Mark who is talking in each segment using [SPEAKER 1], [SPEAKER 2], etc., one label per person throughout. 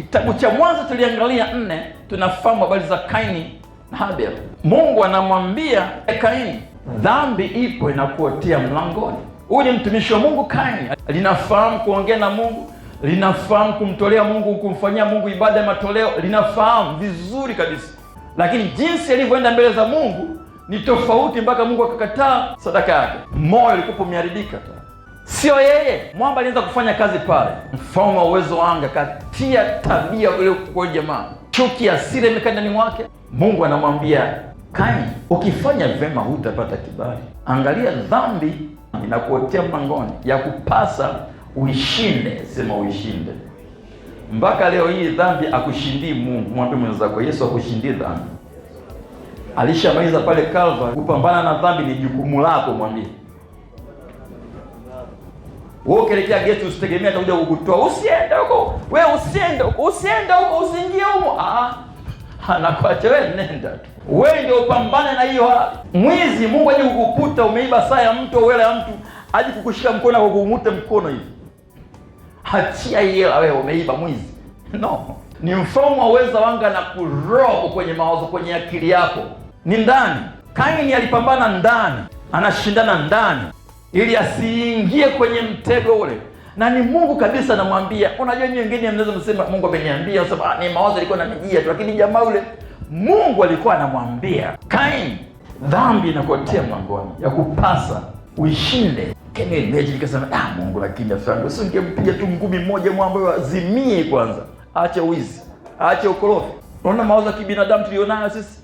[SPEAKER 1] Kitabu cha Mwanzo tuliangalia nne, tunafahamu habari za Kaini na Habel. Mungu anamwambia e Kaini, dhambi ipo inakuotea mlangoni. Huyu ni mtumishi wa Mungu Kaini, linafahamu kuongea na Mungu, linafahamu kumtolea Mungu, kumfanyia Mungu ibada ya matoleo, linafahamu vizuri kabisa, lakini jinsi alivyoenda mbele za Mungu ni tofauti, mpaka Mungu akakataa sadaka yake. Moyo ulikuwa umeharibika. Sio yeye mwamba alianza kufanya kazi pale. Mfalme wa uwezo wa anga katia tabia ile kwa jamaa, chuki hasira imekaa ndani mwake. Mungu anamwambia Kaini, ukifanya vyema hutapata kibali. Angalia, dhambi inakuotea mlangoni, ya kupasa uishinde. Sema uishinde. Mpaka leo hii dhambi akushindii Mungu. Mwambie mwenzako, Yesu akushindii dhambi. Alishamaliza pale Calvary. Kupambana na dhambi ni jukumu lako, mwambie wewe ukielekea geti usitegemee atakuja kukutoa. Usiende huko. Wewe usiende huko. Usiende huko, usiingie huko. Ah. Anakuacha wewe, nenda tu. Wewe ndio upambane na hiyo mwizi. Mungu aje kukukuta umeiba saa ya mtu au hela ya mtu, aje kukushika mkono na kukumute mkono hivi. Hachia hela wewe umeiba mwizi. No. Ni mfumo wa uweza wanga na kuroho kwenye mawazo, kwenye akili yako. Ni ndani. Kaini alipambana ndani. Anashindana ndani ili asiingie kwenye mtego ule. Na ni Mungu kabisa anamwambia. Unajua nyinyi wengine mnaweza msema Mungu ameniambia, sababu ah, ni mawazo yalikuwa yananijia tu, lakini jamaa ule Mungu alikuwa anamwambia Kaini, dhambi inakotea mwangoni ya kupasa uishinde. Can you imagine? Kasema ah, Mungu lakini afanye usingempiga tu ngumi moja mwa mwambayo azimie kwanza, acha wizi, acha ukorofi. Unaona mawazo ya kibinadamu tulionayo sisi,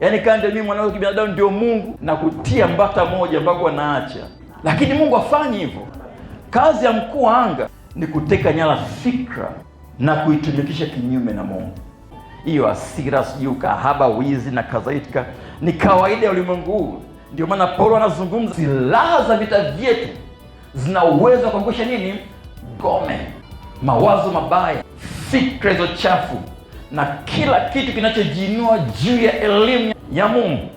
[SPEAKER 1] yaani kande mimi mwanao kibinadamu ndio Mungu na kutia mbata moja ambako anaacha lakini Mungu afanyi hivyo. Kazi ya mkuu wa anga ni kuteka nyara fikra na kuitumikisha kinyume na Mungu. Hiyo hasira, sijui ukahaba, wizi na kadhalika ni kawaida ya ulimwengu huu. Ndio maana Paulo anazungumza silaha za vita vyetu zina uwezo wa kuangusha nini? Ngome, mawazo mabaya, fikra hizo chafu na kila kitu kinachojiinua juu ya elimu ya Mungu.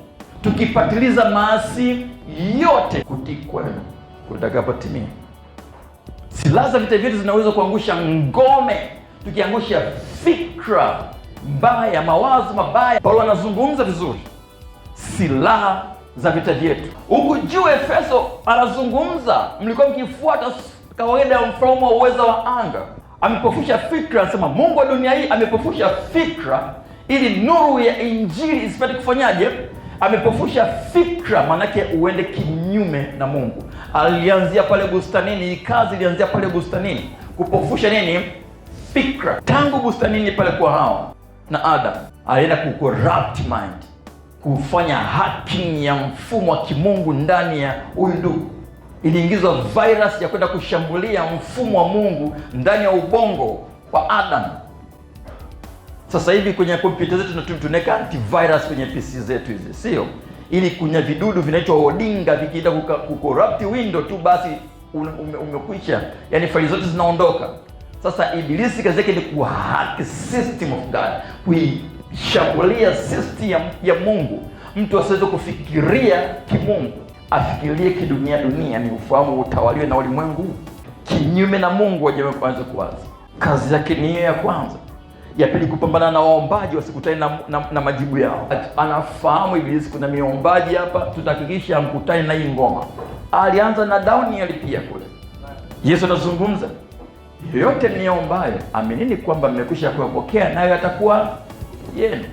[SPEAKER 1] Tukipatiliza maasi yote kutii kwenu kutakapotimia. Silaha za vita vyetu zinaweza kuangusha ngome, tukiangusha fikra mbaya, mawazo mabaya. Paulo anazungumza vizuri silaha za vita vyetu. Huku juu Efeso anazungumza, mlikuwa mkifuata kawaida ya mfalme wa uweza wa anga. Amepofusha fikra, anasema Mungu wa dunia hii amepofusha fikra ili nuru ya Injili isipate kufanyaje amepofusha fikra, maanake uende kinyume na Mungu. Alianzia pale bustanini, kazi ilianzia pale bustanini kupofusha nini? Fikra. Tangu bustanini pale kwa Hawa na Adam, alienda ku corrupt mind, kufanya hacking ya mfumo wa kimungu ndani ya huyu ndugu. Iliingizwa virus ya kwenda kushambulia mfumo wa Mungu ndani ya ubongo wa Adam. Sasa hivi kwenye kompyuta zetu tunaweka antivirus kwenye PC zetu hizi, sio ili kunya vidudu vinaitwa odinga vikienda kucorrupt window tu basi umekwisha, yani faili zote zinaondoka. Sasa ibilisi kazi yake ni kuhack system of God, kuishambulia system ya, ya Mungu. Mtu asiweze kufikiria kimungu, afikirie kidunia dunia, ni ufahamu utawaliwe na ulimwengu kinyume na Mungu. Wajaanza kuwaza kazi yake ni hiyo ya kwanza ya pili kupambana na waombaji wasikutane na, na, na majibu yao. Anafahamu Ibilisi kuna miombaji hapa, tutahakikisha amkutane na hii ngoma. Alianza na Daudi, alipia kule. Yesu anazungumza, yoyote mniombaye aminini kwamba mmekwisha kuyapokea, nayo yatakuwa yenu.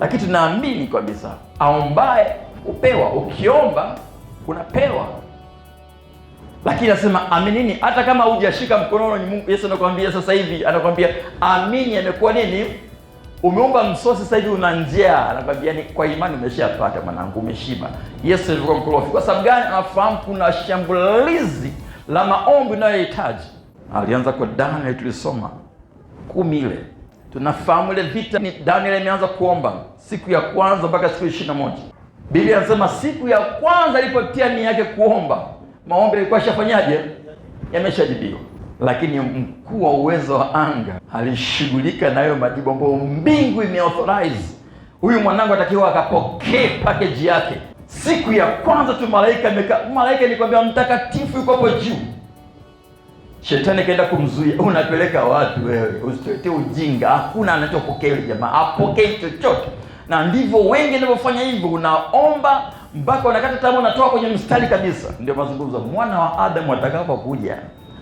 [SPEAKER 1] Lakini tunaamini kabisa aombaye upewa, ukiomba unapewa. Lakini anasema aminini, hata kama hujashika mkononi ni Mungu. Yesu anakuambia sasa hivi, anakuambia amini. Amekuwa nini? Umeomba msosi, sasa hivi una njia. Anakuambia ni yaani, kwa imani umeshapata mwanangu, umeshiba. Yesu alikuwa mkorofi kwa sababu gani? Anafahamu kuna shambulizi la maombi unayohitaji. Alianza kwa Daniel, tulisoma kumi ile tunafahamu ile vita ni Daniel ameanza kuomba siku ya kwanza mpaka siku ishirini na moja. Biblia anasema siku ya kwanza alipotia nia yake kuomba maombi yalikuwa yashafanyaje, yameshajibiwa. Lakini mkuu wa uwezo wa anga alishughulika na hayo majibu ambayo mbingu imeauthorize huyu mwanangu atakiwa akapokee package yake. Siku ya kwanza tu malaika meka, malaika nikwambia mtakatifu yuko hapo juu. Shetani kaenda kumzuia, unapeleka watu wewe? Usitete ujinga, hakuna anachopokea yule jamaa, apokee chochote. Na ndivyo wengi wanavyofanya hivyo, unaomba mpaka wanakata tamaa, natoa kwenye mstari kabisa. Ndio mazungumzo, mwana wa Adamu atakapokuja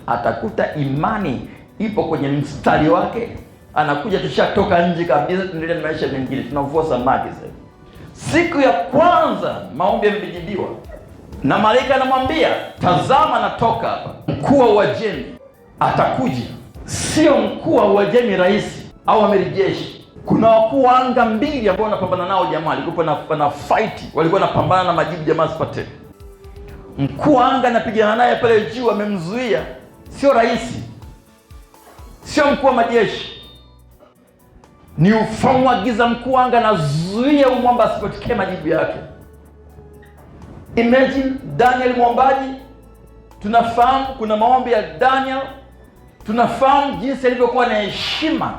[SPEAKER 1] atakuta imani ipo kwenye mstari wake, anakuja tushatoka nje kabisa, tunaendelea na maisha mengine, tunavua samaki. Sasa siku ya kwanza maombi yamejibiwa na malaika anamwambia, tazama, natoka hapa. Mkuu wa Uajemi atakuja, sio mkuu wa Uajemi rais au amiri jeshi kuna wakuu anga mbili ambao wanapambana nao jamaa, alikuwa na, na fight walikuwa wanapambana na majibu jamaa sipate. Mkuu anga anapigana naye pale juu, amemzuia, sio rais, sio mkuu wa majeshi, ni ufamu wa giza. Mkuu anga anazuia umwamba asipotokee majibu yake. Imagine Daniel mwombaji, tunafahamu kuna maombi ya Daniel, tunafahamu jinsi alivyokuwa na heshima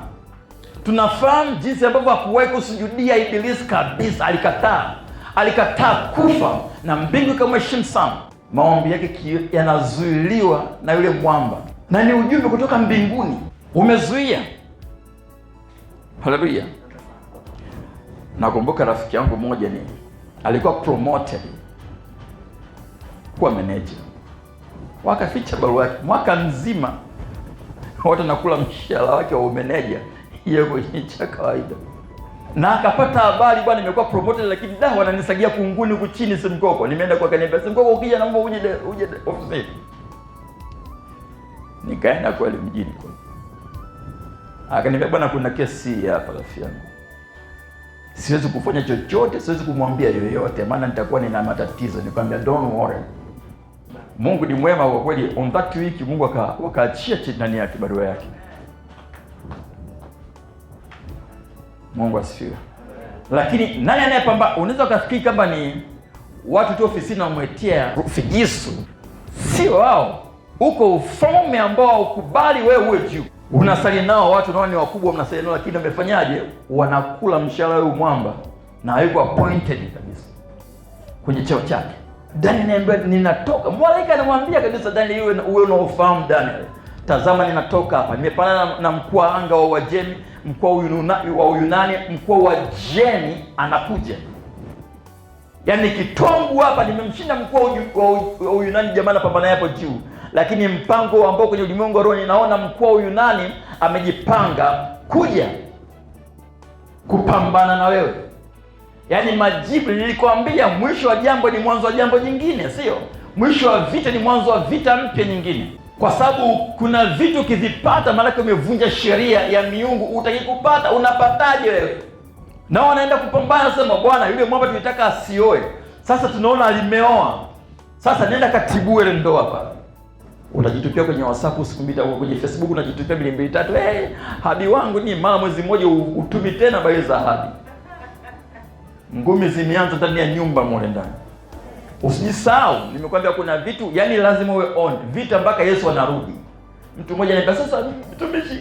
[SPEAKER 1] tunafahamu jinsi ambavyo hakuwahi kusujudia Ibilisi kabisa, alikataa, alikataa kufa na mbingu ikamheshimu sana. Maombi yake yanazuiliwa na yule mwamba, na ni ujumbe kutoka mbinguni umezuia. Haleluya! Nakumbuka rafiki yangu mmoja ni alikuwa promoted kuwa meneja, wakaficha barua yake mwaka mzima, watu nakula mshahara wake wa umeneja ya kwenye cha kawaida, na akapata habari, bwana, nimekuwa promoted, lakini da wananisagia kunguni huku chini Simkoko. Nimeenda kwa kaniambia, Simkoko, ukija naomba uje uje ofisini. Nikaenda kweli mjini kwa akaniambia, bwana, kuna kesi hapa rafiki yangu, siwezi kufanya chochote, siwezi kumwambia yoyote, maana nitakuwa nina matatizo. Nikamwambia, don't worry Mungu ni mwema kwa kweli. On that week Mungu akaachia waka chini ndani yake barua yake Mungu asifiwe. Lakini nani anayepamba? Unaweza ukafikiri kama ni watu tu ofisini wamwetia figisu, sio wao. Uko ufalme ambao ukubali wewe uwe juu. Unasali nao watu nao ni wakubwa, mnasali nao lakini wamefanyaje? Wanakula mshahara huu mwamba na hayuko appointed kabisa kwenye cheo chake. Daniel anaambiwa ninatoka, malaika anamwambia kabisa Daniel, uwe uwe unaofahamu Daniel tazama ninatoka hapa, nimepanda na, na mkuu wa anga wa Uajemi, mkuu wa Uyunani, mkuu wa Jeni anakuja. Yaani kitongu hapa, nimemshinda mkuu wa Uyunani, jamaa napambana hapo juu, lakini mpango ambao kwenye ulimwengu wa roho ninaona mkuu wa Uyunani amejipanga kuja kupambana na wewe. Yaani majibu, nilikwambia mwisho wa jambo ni mwanzo wa jambo jingine, sio mwisho wa vita ni mwanzo wa vita mpya nyingine kwa sababu kuna vitu ukivipata, maanake umevunja sheria ya miungu. utakikupata unapataje wewe? Nao wanaenda kupambana, sema bwana, yule mwamba tulitaka asioe, sasa tunaona alimeoa, sasa nenda katibu ile ndoa pale. Unajitupia kwenye WhatsApp siku mbili, kwenye Facebook unajitupia mbili mbili tatu, hey, habi wangu ni mara mwezi mmoja utumi tena habari za habi. Ngumi zimeanza ndani ya nyumba mule ndani. Usijisahau, nimekwambia kuna vitu yani lazima uwe on vita mpaka Yesu anarudi. Mtu mmoja anambia sasa, mtumishi,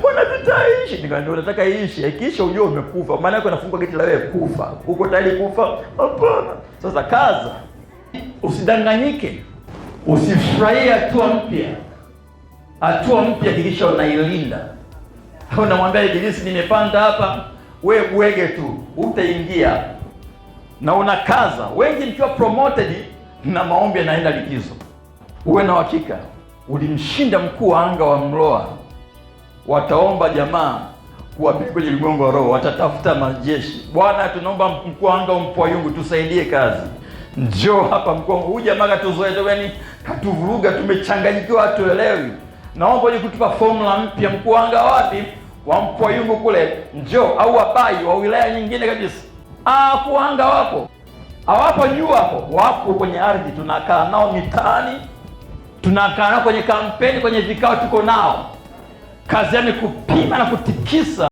[SPEAKER 1] mbona vita haishi? Nikamwambia unataka iishi, ikiisha ujue umekufa. Maana yako nafungua geti la wewe kufa. Uko tayari kufa? Hapana. Sasa kaza, usidanganyike, usifurahie hatua mpya. Hatua mpya kikisha unailinda. Unamwambia Ibilisi, nimepanda hapa, wewe bwege tu, utaingia na unakaza. Wengi nikiwa promoted na maombi yanaenda likizo. Uwe na hakika ulimshinda mkuu wa anga wa Mloa. Wataomba jamaa kwenye ligongo wa roho, watatafuta majeshi. Bwana, tunaomba mkuu wa anga yungu, tusaidie kazi, njoo hapa Mkongo. Huyu jamaa katuzoelewani, katuvuruga, tumechanganyikiwa, hatuelewi. Naomba uje kutupa formula mpya. Mkuu wa anga wapi? Wa yungu kule, njoo, au wabai wa wilaya nyingine kabisa hawakuanga ah, wako hawapo juu hapo, wapo kwenye ardhi, tunakaa nao mitaani, tunakaa nao kwenye kampeni, kwenye vikao, tuko nao. Kazi yao ni kupima na kutikisa.